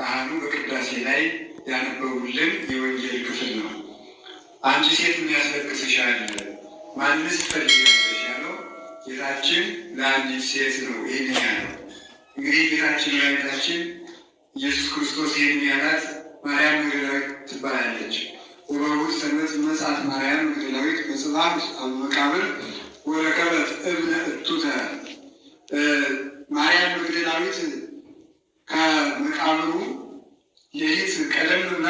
ካህኑ በቅዳሴ ላይ ያነበቡልን የወንጌል ክፍል ነው። አንቺ ሴት የሚያስለቅስሻል ማንስ ትፈልጊያለሽ ያለው ጌታችን ለአንዲት ሴት ነው። ይህን ያለው እንግዲህ ጌታችን መድኃኒታችን ኢየሱስ ክርስቶስ ይህን ያላት ማርያም መግደላዊት ትባላለች። ወበውእቱ ሰንበት መጽአት ማርያም መግደላዊት በጽባ አመቃብር ወረከበት እብነ እቱተ ማርያም መግደላዊት ከመቃብሩ ሌሊት ቀደም ብላ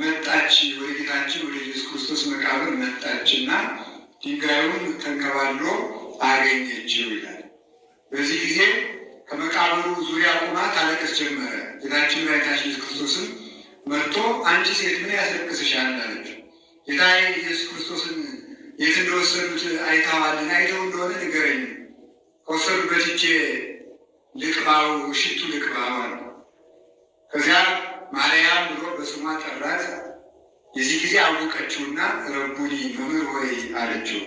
መጣች፣ ወደ ጌታችን ወደ ኢየሱስ ክርስቶስ መቃብር መጣች እና ድንጋዩን ተንከባሎ አገኘችው ይላል። በዚህ ጊዜ ከመቃብሩ ዙሪያ ቁማ ታለቀስ ጀመረ። ጌታችን መድኃኒታችን ኢየሱስ ክርስቶስን መጥቶ አንቺ ሴት ምን ያስለቅስሻል? አለችው። ጌታ ኢየሱስ ክርስቶስን የት እንደወሰዱት አይተዋልን? አይተው እንደሆነ ንገረኝ ከወሰዱበት እጄ ልቅባው ውሽቱ ልቅባው አለ። ከዚያ ማርያም ብሎ በስሟ ጠራት። የዚህ ጊዜ አወቀችውና ረቡኒ መምህር ወይ አለችው።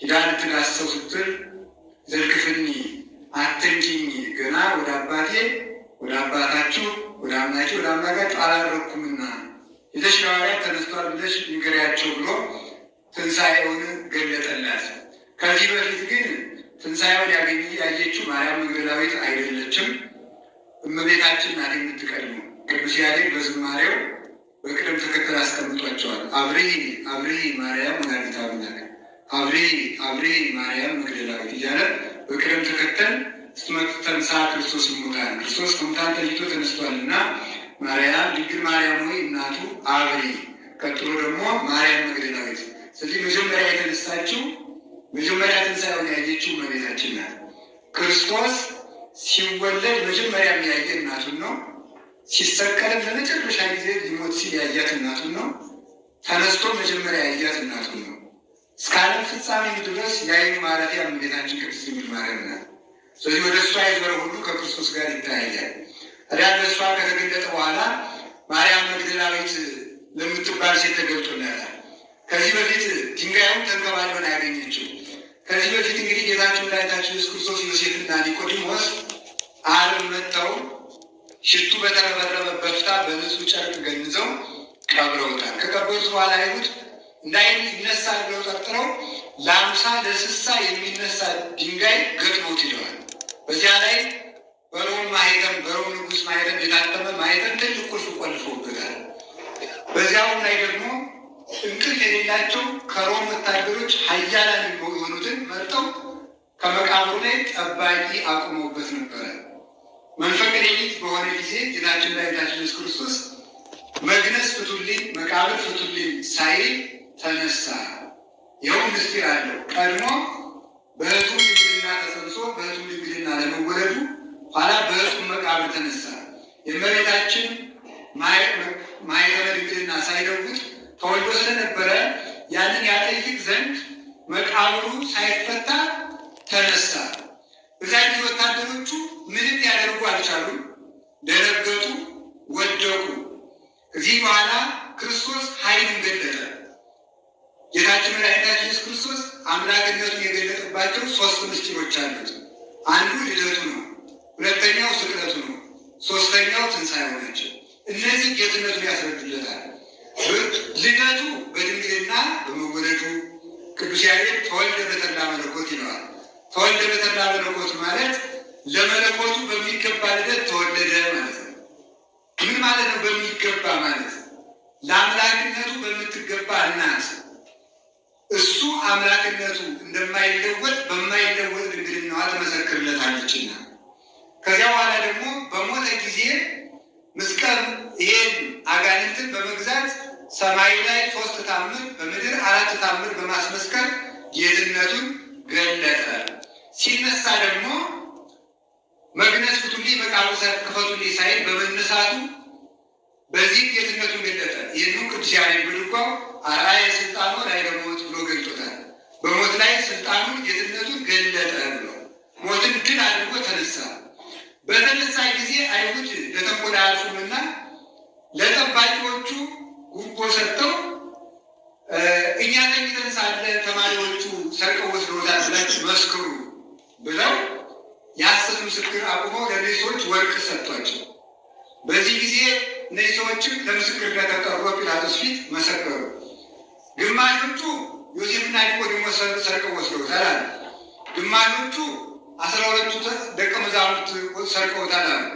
ሂዳ ልትዳስሰው ስትል ዘርግፍኒ አትንኪኝ፣ ገና ወደ አባቴ ወደ አባታችሁ ወደ አምናቸው ወደ አምላካችሁ አላረኩምና የተሽከባሪያት ተነስቷል ብለሽ ንገሪያቸው ብሎ ትንሣኤውን ገለጠላት። ከዚህ በፊት ግን ትንሣኤውን ያገኝ ያየችው ማርያም መግደላዊት አይደለችም፣ እመቤታችን ናት የምትቀድመው። ቅዱስ ያሬድ በዝማሬው በቅደም ተከተል አስቀምጧቸዋል። አብሪ አብሪ ማርያም ወላዲተ አምላክ፣ አብሪ አብሪ ማርያም መግደላዊት እያለ በቅደም ተከተል ስትመጡ ተንሳ ክርስቶስ ይሞታል፣ ክርስቶስ ከሙታን ተለይቶ ተነስቷል እና ማርያም ድንግል ማርያም ሆይ እናቱ አብሪ፣ ቀጥሎ ደግሞ ማርያም መግደላዊት። ስለዚህ መጀመሪያ የተነሳችው መጀመሪያ ትንሣኤውን ያየችው እመቤታችን ናት። ክርስቶስ ሲወለድ መጀመሪያ የሚያየ እናቱን ነው። ሲሰቀልም ለመጨረሻ ጊዜ ሊሞት ሲል ያያት እናቱን ነው። ተነስቶ መጀመሪያ ያያት እናቱን ነው። እስከ ዓለም ፍጻሜ ድረስ የዓይኑ ማረፊያ እመቤታችን ቅድስት ድንግል ማርያም ናት። ስለዚህ ወደ እሷ የዞረ ሁሉ ከክርስቶስ ጋር ይታያያል። ታዲያ በእሷ ከተገለጠ በኋላ ማርያም መግደላዊት ለምትባል ሴት ተገልጦላታል። ከዚህ በፊት ድንጋዩን ተንከባለሆን አያገኘችው ከዚህ በፊት እንግዲህ ጌታችን መድኃኒታችን ኢየሱስ ክርስቶስ ዮሴፍና ኒቆዲሞስ አርብ መጥተው ሽቱ በተረበረበ በፍታ በንጹህ ጨርቅ ገንዘው ቀብረውታል። ከቀበሩት በኋላ አይሁድ እንዳይነሳ ብለው ጠርጥረው ለአምሳ ለስሳ የሚነሳ ድንጋይ ገጥሞት ይለዋል። በዚያ ላይ በሮም ማህተም በሮም ንጉሥ ማህተም የታተመ ማህተም ትልቅ ቁልፍ ቆልፎበታል። በዚያውም ላይ ደግሞ እንቅልፍ የሌላቸው ከሮም ወታደሮች ኃያላን የሆኑትን መርጠው ከመቃብሩ ላይ ጠባቂ አቁመውበት ነበረ። መንፈቀ ሌሊት በሆነ ጊዜ ጌታችን መድኃኒታችን ኢየሱስ ክርስቶስ መግነዝ ፍቱልኝ፣ መቃብር ፍቱልኝ ሳይል ተነሳ። ይኸው ምስጢር አለው። ቀድሞ በሕቱ ድንግልና ተሰብሶ በሕቱ ድንግልና ለመወለዱ ኋላ በሕቱ መቃብር ተነሳ። የመሬታችን ማኅተመ ድንግልና ሳይለውጥ ተወልዶ ስለነበረ ያንን ያጠይቅ ዘንድ መቃብሩ ሳይፈታ ተነሳ። እዚያ ጊዜ ወታደሮቹ ምንም ያደርጉ አልቻሉም፣ ደነገጡ፣ ወደቁ። እዚህ በኋላ ክርስቶስ ኃይልን ገለጠ። ጌታችን መድኃኒታችን ኢየሱስ ክርስቶስ አምላክነቱን የገለጠባቸው ሶስት ምስጢሮች አሉት። አንዱ ልደቱ ነው፣ ሁለተኛው ስቅለቱ ነው፣ ሶስተኛው ትንሣኤው ናቸው። እነዚህ ጌትነቱን ያስረዱለታል። ልደቱ በድንግልና በመወለዱ ቅዱስ ያሬድ ተወልደ በተላ መለኮት ይለዋል። ተወልደ በተላ መለኮት ማለት ለመለኮቱ በሚገባ ልደት ተወለደ ማለት ነው። ምን ማለት ነው? በሚገባ ማለት ለአምላክነቱ በምትገባ እናት እሱ አምላክነቱ እንደማይለወጥ በማይለወጥ ድንግልናዋ ትመሰክርለታለችና ከዚያ በኋላ ደግሞ በሞተ ጊዜ ምስቀም ይሄን አጋንንትን በመግዛት ሰማይ ላይ ሶስት ታምር በምድር አራት ታምር በማስመስከር ጌትነቱን ገለጠ። ሲነሳ ደግሞ መግነዝ ፍቱልኝ በቃሉ ክፈቱልኝ ሳይል በመነሳቱ በዚህ ጌትነቱን ገለጠ። ይህኑ ቅዱስ ያሬድ ብልኳ አርአየ ስልጣኑ ላይ ለሞት ብሎ ገልጦታል። በሞት ላይ ስልጣኑን ጌትነቱን ገለጠ ብሎ ሞትን ድል አድርጎ ተነሳ። በተነሳ ጊዜ አይሁድ ለተንኮላ ያልፉምና ለጠባቂዎቹ ጉቦ ሰጥተው እኛ ተኝተን ሳለ ተማሪዎቹ ሰርቀው ወስደውታል ብላችሁ መስክሩ ብለው የሐሰት ምስክር አቁመው ለእነዚህ ሰዎች ወርቅ ሰጥቷቸው፣ በዚህ ጊዜ እነዚህ ሰዎችም ለምስክርነት ተጠሩ። ጲላጦስ ፊት መሰከሩ። ግማሾቹ ዮሴፍና ኒቆዲሞስ ሰርቀው ወስደውታል አሉ። ግማሾቹ አስራ ሁለቱ ደቀ መዛሙርት ሰርቀውታል አሉ።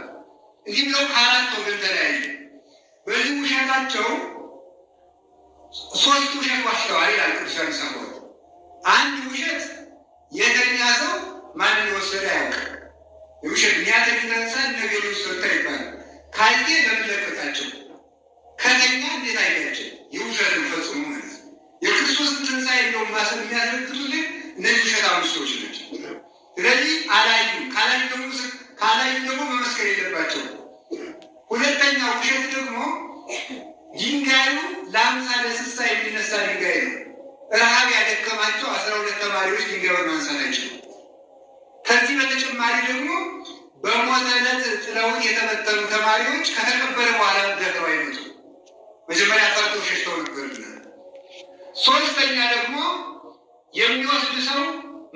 እንዲህ ብለው ከአራት ወገን ተለያዩ። በዚህ ውሸታቸው ሶስት ውሸት ዋሸዋል ይላል ቅዱስ ያንሰቦት። አንድ ውሸት የተኛ ሰው ማንን ወሰደ አያውቅም። የውሸት ሚያተኝ ተንሳ ነገር የወሰድታ ይባላል። ካየ ለምለቀቃቸው ከተኛ እንዴት አይጋቸው የውሸት ፈጽሙ ማለት የክርስቶስን ትንሣኤ እንደው ማሰብ የሚያስረግጡ ግን እነዚህ ውሸት አምስቶች ናቸው። ስለዚህ አላዩ ካላዩ ደግሞ ካላዩ ደግሞ መመስከር የለባቸው። ሁለተኛ ውሸት ደግሞ ድንጋዩ ለአምሳ ለስሳ የሚነሳ ድንጋይ ነው። ረሃብ ያደከማቸው አስራ ሁለት ተማሪዎች ድንጋዩን ማንሳታቸው። ከዚህ በተጨማሪ ደግሞ በሞተ ዕለት ጥለውን የተመተኑ ተማሪዎች ከተቀበረ በኋላ ደፍረው አይነቱ መጀመሪያ ፈርቶ ሸሽተው ነበርና፣ ሶስተኛ ደግሞ የሚወስድ ሰው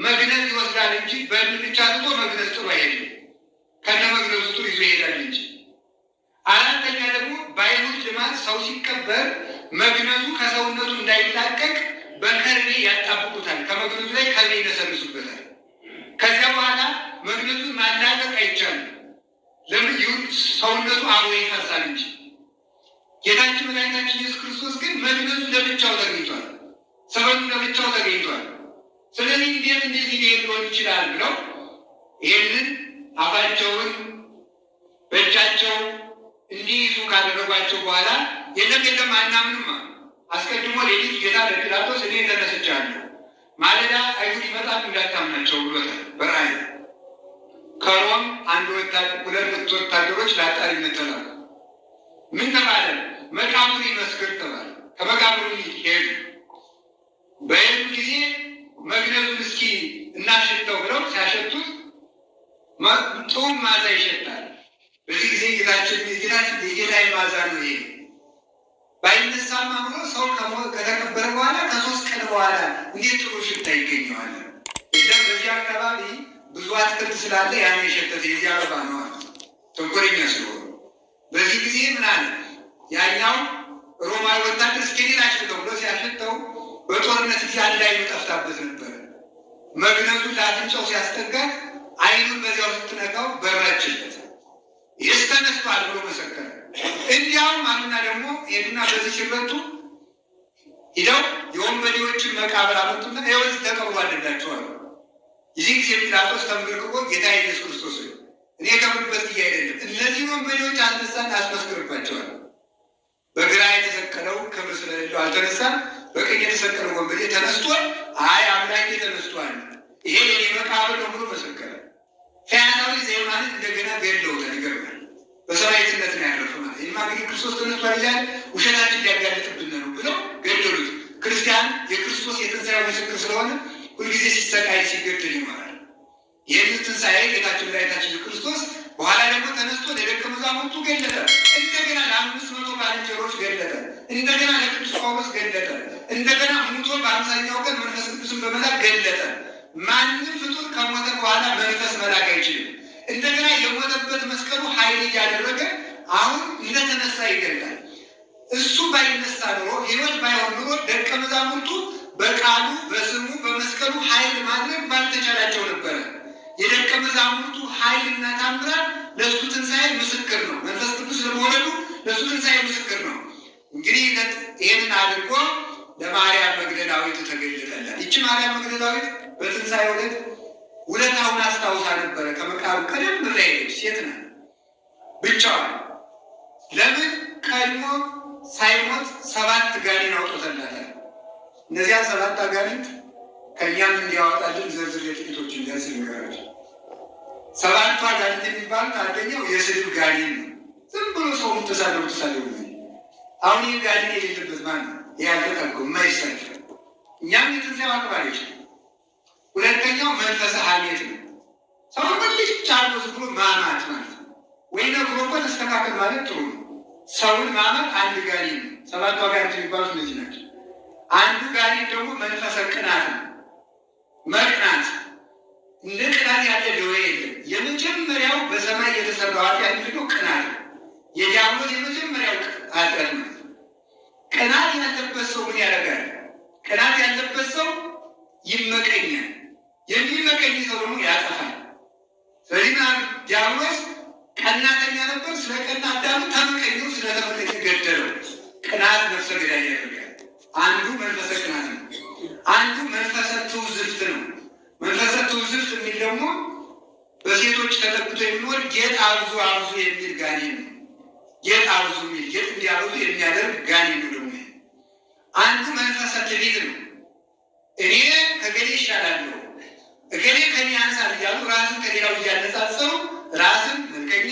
መግነት ይወስዳል እንጂ በእድል ብቻ ትቶ መግነት ጥሩ አይሄድም። መግነዙ ከሰውነቱ እንዳይላቀቅ በከርቤ ያጣብቁታል። ከመግነዙ ላይ ከርቤ ይነሰንሱበታል። ከዚያ በኋላ መግነዙን ማላቀቅ አይቻልም። ለምን? ሰውነቱ አብሮ ይፈርሳል እንጂ ጌታችን መድኃኒታችን ኢየሱስ ክርስቶስ ግን መግነዙ ለብቻው ተገኝቷል። ሰበኑ ለብቻው ተገኝቷል። ስለዚህ እንዴት እንደዚህ ሊሄድ ሊሆን ይችላል ብለው ይህንን አፋቸውን በእጃቸው እንዲይዙ ካደረጓቸው በኋላ የለም የለም አናምንም አሉ። አስቀድሞ ሌሊት ጌታ ለጲላጦስ እኔ ተነስቻለሁ ማለዳ አይሁድ ይመጣሉ እንዳታምናቸው ብሎታል በራይ ከሮም አንድ ሁለት ወታደሮች ለአጣሪ መተላሉ። ምን ተባለ? መቃብሩ ይመስክር ተባለ። ከመቃብሩ ሄዱ። በሄዱ ጊዜ መግነቱን እስኪ እናሸተው ብለው ሲያሸቱት ጥዑም ማዛ ይሸታል። በዚህ ጊዜ ጌታችን ጌታ የጌታ ማዛ ነው ይሄ ባይነሳም አምሮ ሰው ከተቀበረ በኋላ ከሶስት ቀን በኋላ እንዴት ጥሩ ሽታ ይገኘዋል? እዛ በዚህ አካባቢ ብዙ አትክልት ስላለ ያን የሸተተ የዚህ አበባ ነው ተንኮለኛ ስለሆነ በዚህ ጊዜ ምን አለ ያኛው ሮማዊ ወታደር እስከሌላ አሽተው ብሎ ሲያሸተው በጦርነት ጊዜ አንድ አይኑ ጠፍታበት ነበረ። መግነዙ ለአፍንጫው ሲያስጠጋ አይኑን በዚያው ስትነካው በራችለት ይህ ተነስቷል ብሎ መሰከረ። እንዲያውም አሉና ደግሞ ሄዱና በዚህ ሽመቱ ሂደው የወንበዴዎችን መቃብር አመጡና ይወዝ ተቀብሮ አለላቸዋል። እዚህ ጊዜ ጲላጦስ ተንበርክኮ ጌታ ኢየሱስ ክርስቶስ ነው እኔ ከምንበት ጊዜ አይደለም፣ እነዚህ ወንበዴዎች አስነሳን አስመስክርባቸዋል። በግራ የተሰቀለው ክብር ስለሌለው አልተነሳም። በቀኝ የተሰቀለው ወንበዴ ተነስቷል፣ አይ አምላኬ ተነስቷል፣ ይሄ የኔ መቃብር ነው ብሎ መሰከረ። ፊያናዊ ዘየማንን እንደገና ገለውታል። ይገርማል። በሰማዕትነት ነው ያረፈው ማለት ይህማ እንግዲህ ክርስቶስ ተነስቷ ይላል ውሸታችን ሊያጋለጥብን ነው ብለው ገደሉት። ክርስቲያን የክርስቶስ የትንሣኤ ምስክር ስለሆነ ሁልጊዜ ሲሰቃይ ሲገደል ይኖራል። ይህን ትንሣኤ ጌታችን ላይታችን ክርስቶስ በኋላ ደግሞ ተነስቶ ለደቀ መዛሙርቱ ገለጠ። እንደገና ለአምስት መቶ ባልንጀሮች ገለጠ። እንደገና ለቅዱስ ጳውሎስ ገለጠ። እንደገና ሙቶ በአምሳኛው ቀን መንፈስ ቅዱስን በመላክ ገለጠ። ማንም ፍጡር ከሞተ በኋላ መንፈስ መላክ አይችልም። እንደገና የሞተበት መስቀሉ ኃይል እያደረገ አሁን እንደተነሳ ይገላል። እሱ ባይነሳ ኖሮ ሕይወት ባይሆን ኖሮ ደቀ መዛሙርቱ በቃሉ በስሙ በመስቀሉ ኃይል ማድረግ ባልተቻላቸው ነበረ። የደቀ መዛሙርቱ ኃይል እና ታምራት ለእሱ ትንሣኤ ምስክር ነው። መንፈስ ቅዱስ ለመውለዱ ለእሱ ትንሣኤ ምስክር ነው። እንግዲህ ይህንን አድርጎ ለማርያም መግደላዊት ተገለጠላት። ይቺ ማርያም መግደላዊት በትንሣኤ ዕለት ውለታውን አስታውሳ ነበረ። ከመቃብር ቀደም ብላ ሄደች። ሴት ብቻዋን። ለምን ቀድሞ ሳይሞት ሰባት ጋኔን አውጥቶላታል። እነዚያ ሰባት አጋንንት ከእኛም እንዲያወጣልን ዝርዝር የጥቂቶችን ደስ ሰባቱ አጋንንት የሚባሉት አንደኛው የስድብ ጋኔን ነው። ዝም ብሎ ተሳደቡ ተሳደቡ። አሁን ይህ ጋኔን የሌለበት ማን ነው? እኛም አክባሪዎች ነው። ሁለተኛው መንፈሰ ሀሜት ነው። ሰው ልጅ አለ ብሎ ማማት ማለት ወይ ነግሮ እኮ ተስተካከል ማለት ጥሩ ነው። ሰውን ማማት አንድ ጋሪ ነው። ሰባቱ አጋንንት የሚባሉት እነዚህ ናቸው። አንዱ ጋሪ ደግሞ መንፈሰ ቅናት ነው። መቅናት እንደ ቅናት ያለ ደዌ የለም። የመጀመሪያው በሰማይ የተሰራው ኃጢአት ምንድነው? ቅናት ነው። የዲያብሎስ የመጀመሪያው ኃጢአት ማለት ነው። ቅናት ያለበት ሰው ምን ያደርጋል? ቅናት ያለበት ሰው ይመቀኛል። የሚበቀል ሰው ደግሞ ያጠፋል። ስለዚህ ዲያብሎስ ቀናተኛ ነበር። ስለ ቀና አዳም ገደለው። ቅናት ነፍሰ ገዳይ ያደርጋል። አንዱ መንፈሰ ቅናት ነው፣ አንዱ መንፈሰ ትውዝፍት ነው። መንፈሰ ትውዝፍት የሚል ደግሞ በሴቶች ተጠቅቶ የሚኖር ጌጥ አብዙ አብዙ የሚል ነው። ጌጥ አብዙ የሚል ጌጥ የሚያደርግ ነው። ደግሞ አንዱ መንፈሰ ነው። እኔ ከገሌ ይሻላለሁ እገሌ ከኔ አንሳር እያሉ ራስን ከሌላው እያነጻጸሩ ራስን ምርኮኛ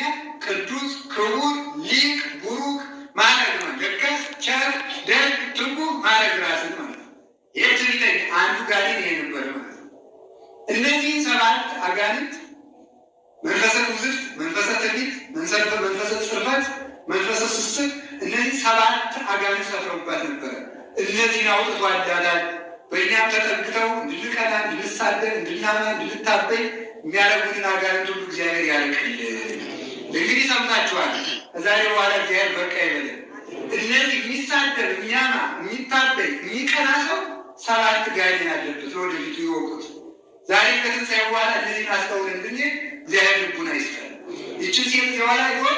የሚሳደር የሚያማ የሚታበይ የሚቀና ሰው ሰባት ጋኔን አለበት። ለወደፊቱ ይወቁት። ዛሬ ከትንሣኤ በኋላ እነዚህ አስተውለን ብን እግዚአብሔር ልቡን አይስጠን። ይቺ ሴት የኋላ ይሆን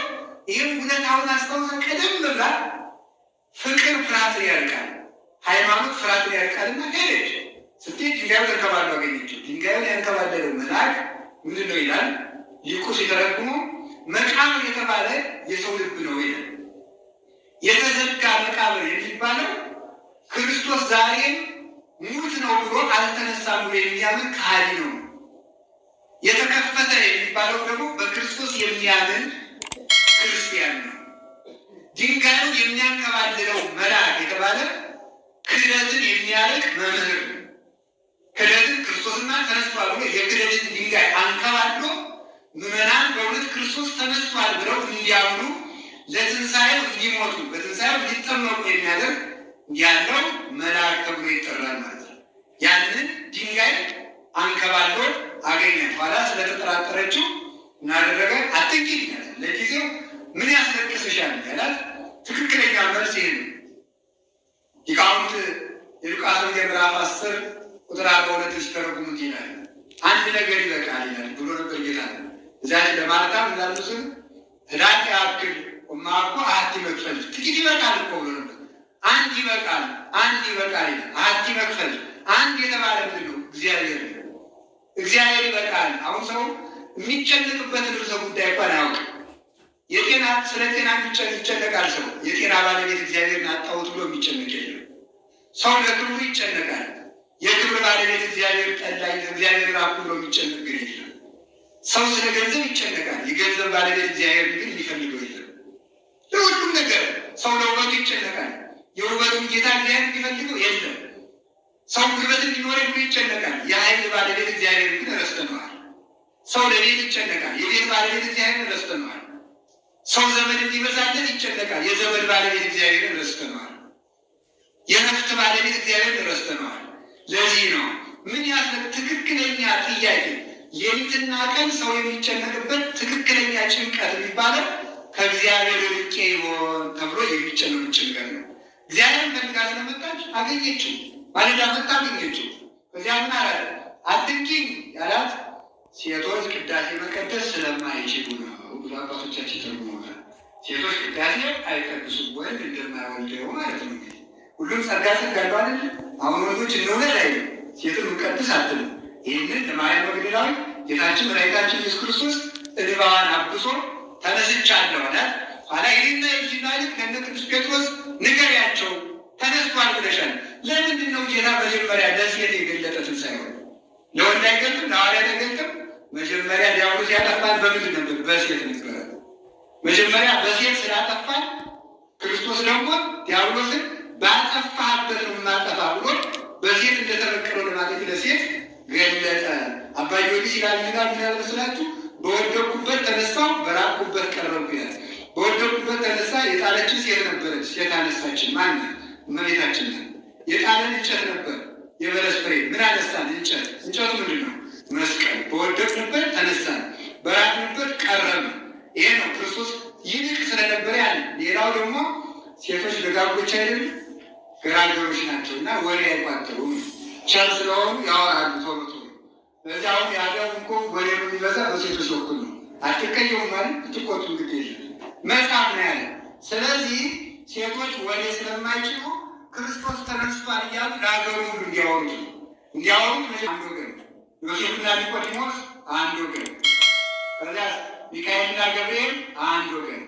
ይህም እውነታውን አስታውሳ ቀደም ብላ ፍቅር ፍርሃትን ያርቃል፣ ሃይማኖት ፍርሃትን ያርቃልና ሄደች። ስትሄድ ድንጋዩ ተንከባሎ አገኘችው። ድንጋዩን ያንከባለለው መልአክ ምንድን ነው ይላል ሊቁ ሲተረጉሙ መቃብር የተባለ የሰው ልብ ነው ይላል። የተዘጋ መቃብር የሚባለው ክርስቶስ ዛሬ ሙት ነው ብሎ አልተነሳም ብሎ የሚያምን ከሃዲ ነው። የተከፈተ የሚባለው ደግሞ በክርስቶስ የሚያምን ክርስቲያን ነው። ድንጋዩ የሚያንከባልለው መልአክ የተባለ ክህደትን የሚያርቅ መምህር ነው። ክህደትን ክርስቶስና ተነስቷል ብሎ የክህደትን ድንጋይ አንከባሎ ምዕመናን በእውነት ክርስቶስ ተነስቷል ብለው እንዲያምኑ ለትንሣኤው እንዲሞቱ በትንሣኤው እንዲጠመቁ የሚያደርግ ያለው መልአክ ተብሎ ይጠራል ማለት ነው። ያንን ድንጋይ አንከባሎ አገኘ። በኋላ ስለተጠራጠረችው እናደረገ አትንኪኝ ይላል። ለጊዜው ምን ያስለቅስሻል ያላት ትክክለኛ መልስ ይህ ነው። ሊቃውንት የሉቃስ ወንጌል ምዕራፍ አስር ቁጥር አርባ ሁለት ሲተረጉሙት ይላል አንድ ነገር ይበቃል ይላል ብሎ ነበር ጌታ። እዚያ ለማለታ ምናልሱን ህዳት ያክል ቁማ አቲ መክፈል ጥቂት ይበቃል እኮ ብሎ ነበር። አንድ ይበቃል፣ አንድ ይበቃል አንድ ይበቃል አቲ መክፈል አንድ የተባለ ምንድን ነው? እግዚአብሔር እግዚአብሔር ይበቃል። አሁን ሰው የሚጨነቅበትን ርዕሰ ጉዳይ እንኳን አያውቅም። የጤና ስለ ጤና ይጨነቃል። ሰው የጤና ባለቤት እግዚአብሔርን አጣሁት ብሎ የሚጨነቅ የለም። ሰው ለክብሩ ይጨነቃል። የክብር ባለቤት እግዚአብሔር ጠላኝ፣ እግዚአብሔር ራኩ ብሎ የሚጨነቅ ግን የለም። ሰው ስለ ገንዘብ ይጨነቃል። የገንዘብ ባለቤት እግዚአብሔር ግን የሚፈልገው የለም። ለሁሉም ነገር ሰው ለውበቱ ይጨነቃል። የውበቱን ጌታ እግዚአብሔር የሚፈልገው የለም። ሰው ጉልበት እንዲኖር ሁሉ ይጨነቃል። የኃይል ባለቤት እግዚአብሔር ግን ረስተነዋል። ሰው ለቤት ይጨነቃል። የቤት ባለቤት እግዚአብሔር ረስተነዋል። ሰው ዘመድ እንዲበዛለት ይጨነቃል። የዘመድ ባለቤት እግዚአብሔር ረስተነዋል። የነፍት ባለቤት እግዚአብሔር ረስተነዋል። ለዚህ ነው ምን ያለ ትክክለኛ ጥያቄ ሌሊትና ቀን ሰው የሚጨነቅበት ትክክለኛ ጭንቀት የሚባለው ከእግዚአብሔር ርቄ ይሆን ተብሎ የሚጨነች ነገር ነው። እግዚአብሔር ፈልጋ ስለመጣች አገኘችው። ማለዳ መጣ አገኘችው። ከዚያ ምን አላለ? አትንኪኝ ያላት ሴቶች ቅዳሴ መቀደስ ስለማይችሉ ነው ብዙ አባቶቻችን ተርጉመዋል። ሴቶች ቅዳሴ አይቀድሱም ወይም እንደማይወልደው ማለት ነው። ሁሉም ጸጋ ሲጋባል አሁን ወንዶች እንደሆነ ላይ ሴቱን መቀደስ አትልም። ይህንን ለማርያም መግደላዊ ጌታችን መድኃኒታችን ኢየሱስ ክርስቶስ እድባን አብሶ ተነስቻ እንደሆነ ኋላ ይህና ይችና ከነ ቅዱስ ጴጥሮስ ንገሪያቸው ተነስቷል ብለሻል። ለምንድን ነው ጌታ መጀመሪያ ለሴት የገለጠትን ሳይሆን ለወንድ አይገልጥም፣ ለሐዋርያት አይገልጥም። መጀመሪያ ዲያብሎስ ያጠፋን በምንድን ነበር? በሴት ነበረ። መጀመሪያ በሴት ስላጠፋን ክርስቶስ ደግሞ ዲያብሎስን ባጠፋህበት ነው የማጠፋ ብሎ በሴት እንደተፈቀረ ለማለት ለሴት ገለጠ። አባ ጊዮርጊስ ይላል ይላል ይላል መስላችሁ በወደኩ የጣለችን ሴት ነበረች። ሴት አነሳችን ማን? እመቤታችን ነ የጣለን እንጨት ነበር፣ የበለስ ፍሬ። ምን አነሳን? እንጨት። እንጨቱ ምንድን ነው? መስቀል። በወደቅ ነበር ተነሳን፣ በራት ነበር ቀረብ። ይሄ ነው ክርስቶስ ይልቅ ስለነበረ ያለ። ሌላው ደግሞ ሴቶች ደጋጎች አይደሉም፣ ገራገሮች ናቸው እና ወሬ አይቋጠሩም። ቸር ስለሆኑ ያወራሉ ቶሎ ቶሎ። በዚህ አሁን ያለው እንኮ ወሬ የሚበዛ በሴቶች በኩል ነው። አትቀየሙ ማለት ብትቆጡ እንግዲህ መጽሐፍ ነው ስለዚህ ሴቶች ወደ ስለማይችሉ ክርስቶስ ተነስቷል እያሉ ለሀገሩ ሁሉ እንዲያወሩ እንዲያወሩ አንድ ወገን ዮሴፍና ኒቆዲሞስ አንድ ወገን ከዚያ ሚካኤልና ገብርኤል አንድ ወገን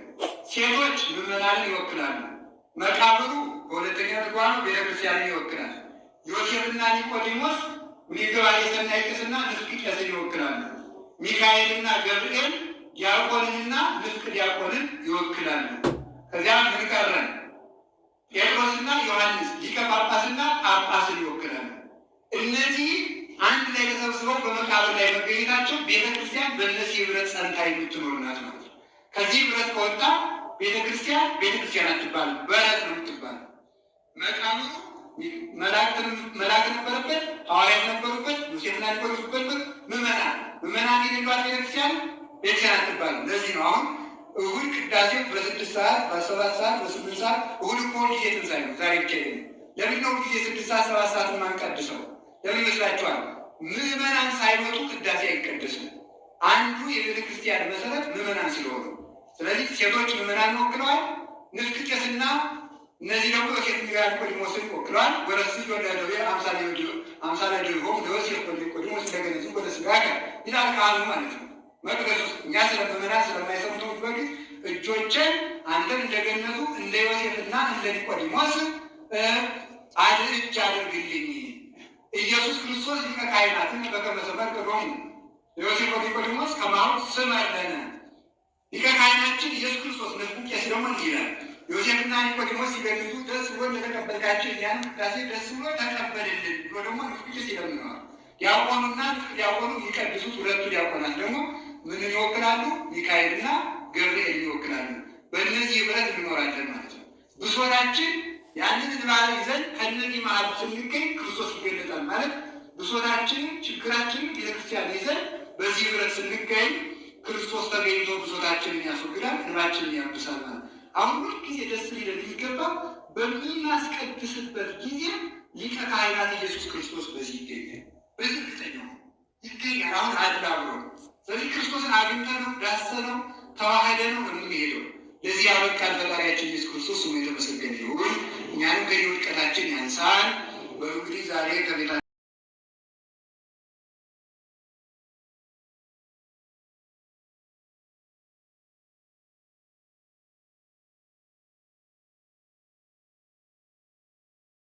ሴቶች ምዕመናንን ይወክላሉ። መቃብሩ በሁለተኛ ትጓኑ ቤተክርስቲያንን ይወክላል። ዮሴፍና ኒቆዲሞስ ሚገባ የሰናይ ቄስና ንፍቅ ቄስን ይወክላሉ። ሚካኤልና ገብርኤል ዲያቆንንና ንስቅ ዲያቆንን ይወክላሉ። ከዚያ ምን ቀረን? ጴጥሮስና ዮሐንስ ሊቀ ጳጳስና ጳጳስን ይወክላል። እነዚህ አንድ ላይ ተሰብስበው በመቃብር ላይ መገኘታቸው ቤተ በእነዚህ ህብረት ጸንታ የምትኖር ማለት ነው። ከዚህ ህብረት ከወጣ ቤተ ክርስቲያን አትባል፣ በረት ነው የምትባል። መቃብሩ መላክ ነበረበት፣ ሐዋርያት ነበሩበት፣ ሙሴትና ነበሩበት። ምመናን ምመናን የሌሏት ቤተክርስቲያን ቤተክርስቲያን አትባል። ለዚህ ነው አሁን እሁድ ቅዳሴው በስድስት ሰዓት በሰባት ሰዓት በስምንት ሰዓት እሁድ እኮ ጊዜ ትንሣኤ ነው። ዛሬ ብቻ የለም። ለምን ነው ጊዜ ስድስት ሰዓት ሰባት ሰዓት የማንቀድሰው? ለምን ይመስላችኋል? ምዕመናን ሳይመጡ ቅዳሴ አይቀደስም። አንዱ የቤተ ክርስቲያን መሰረት ምዕመናን ስለሆኑ፣ ስለዚህ ሴቶች ምዕመናን ወክለዋል። ንፍቅ ቄስና እነዚህ ደግሞ በሴት ሚጋር ቆዲሞስን ወክለዋል። ወረስ አምሳ አምሳሌ ሆም ለወሴት ቆዲሞስ ተገነዙ ወደ ስጋ ይላል ካህኑ ማለት ነው። መቅደሱ እኛ ስለምመና ስለማይሰሙት በፊት እጆቼን አንተን እንደገነቱ እንደ ዮሴፍና እንደ ኒቆዲሞስ አድ እጅ አድርግልኝ። ኢየሱስ ክርስቶስ ሊቀ ካህናትን በከመ ሰመርቅሎሙ ዮሴፍ ኒቆዲሞስ ከማሁ ስመለነ ሊቀ ካህናችን ኢየሱስ ክርስቶስ ንጉ ቄስ ደግሞ እንዲህ ይላል። ዮሴፍና ኒቆዲሞስ ሲገኙ ደስ ብሎ እንደተቀበልካቸው እኛንም ቅዳሴ ደስ ብሎ ተቀበልልን ብሎ ደግሞ ንጉ ቄስ ይለምነዋል። ዲያቆኑና ዲያቆኑ የሚቀድሱት ሁለቱ ዲያቆናት ደግሞ ምንን ይወክላሉ? ሚካኤልና ገብርኤል ይወክላሉ። በእነዚህ ህብረት እንኖራለን ማለት ነው። ብሶታችን ያንን እንባል ይዘን ከእነዚህ መሀል ስንገኝ ክርስቶስ ይገለጣል ማለት ብሶታችን ችግራችንን ቤተክርስቲያን ይዘን በዚህ ህብረት ስንገኝ ክርስቶስ ተገኝቶ ብሶታችንን ያስወግዳል፣ እንባችንን ያብሳል ማለት አሁን ሁልጊዜ ደስ ሊለን የሚገባ በምናስቀድስበት ጊዜ ሊቀ ካህናት ኢየሱስ ክርስቶስ በዚህ ይገኛል። በዚህ ግጠኛ ይገኛል። አሁን አድላ ብሎ ስለዚህ ክርስቶስን አግኝተ ነው ዳሰ ነው ተዋህደ ነው የምንሄደው። ለዚህ ያበቃን ፈጣሪያችን ኢየሱስ ክርስቶስ ስሙ የተመሰገነ ይሁን። እኛንም ከውድቀታችን ያንሳን። በእንግዲህ ዛሬ ከቤታ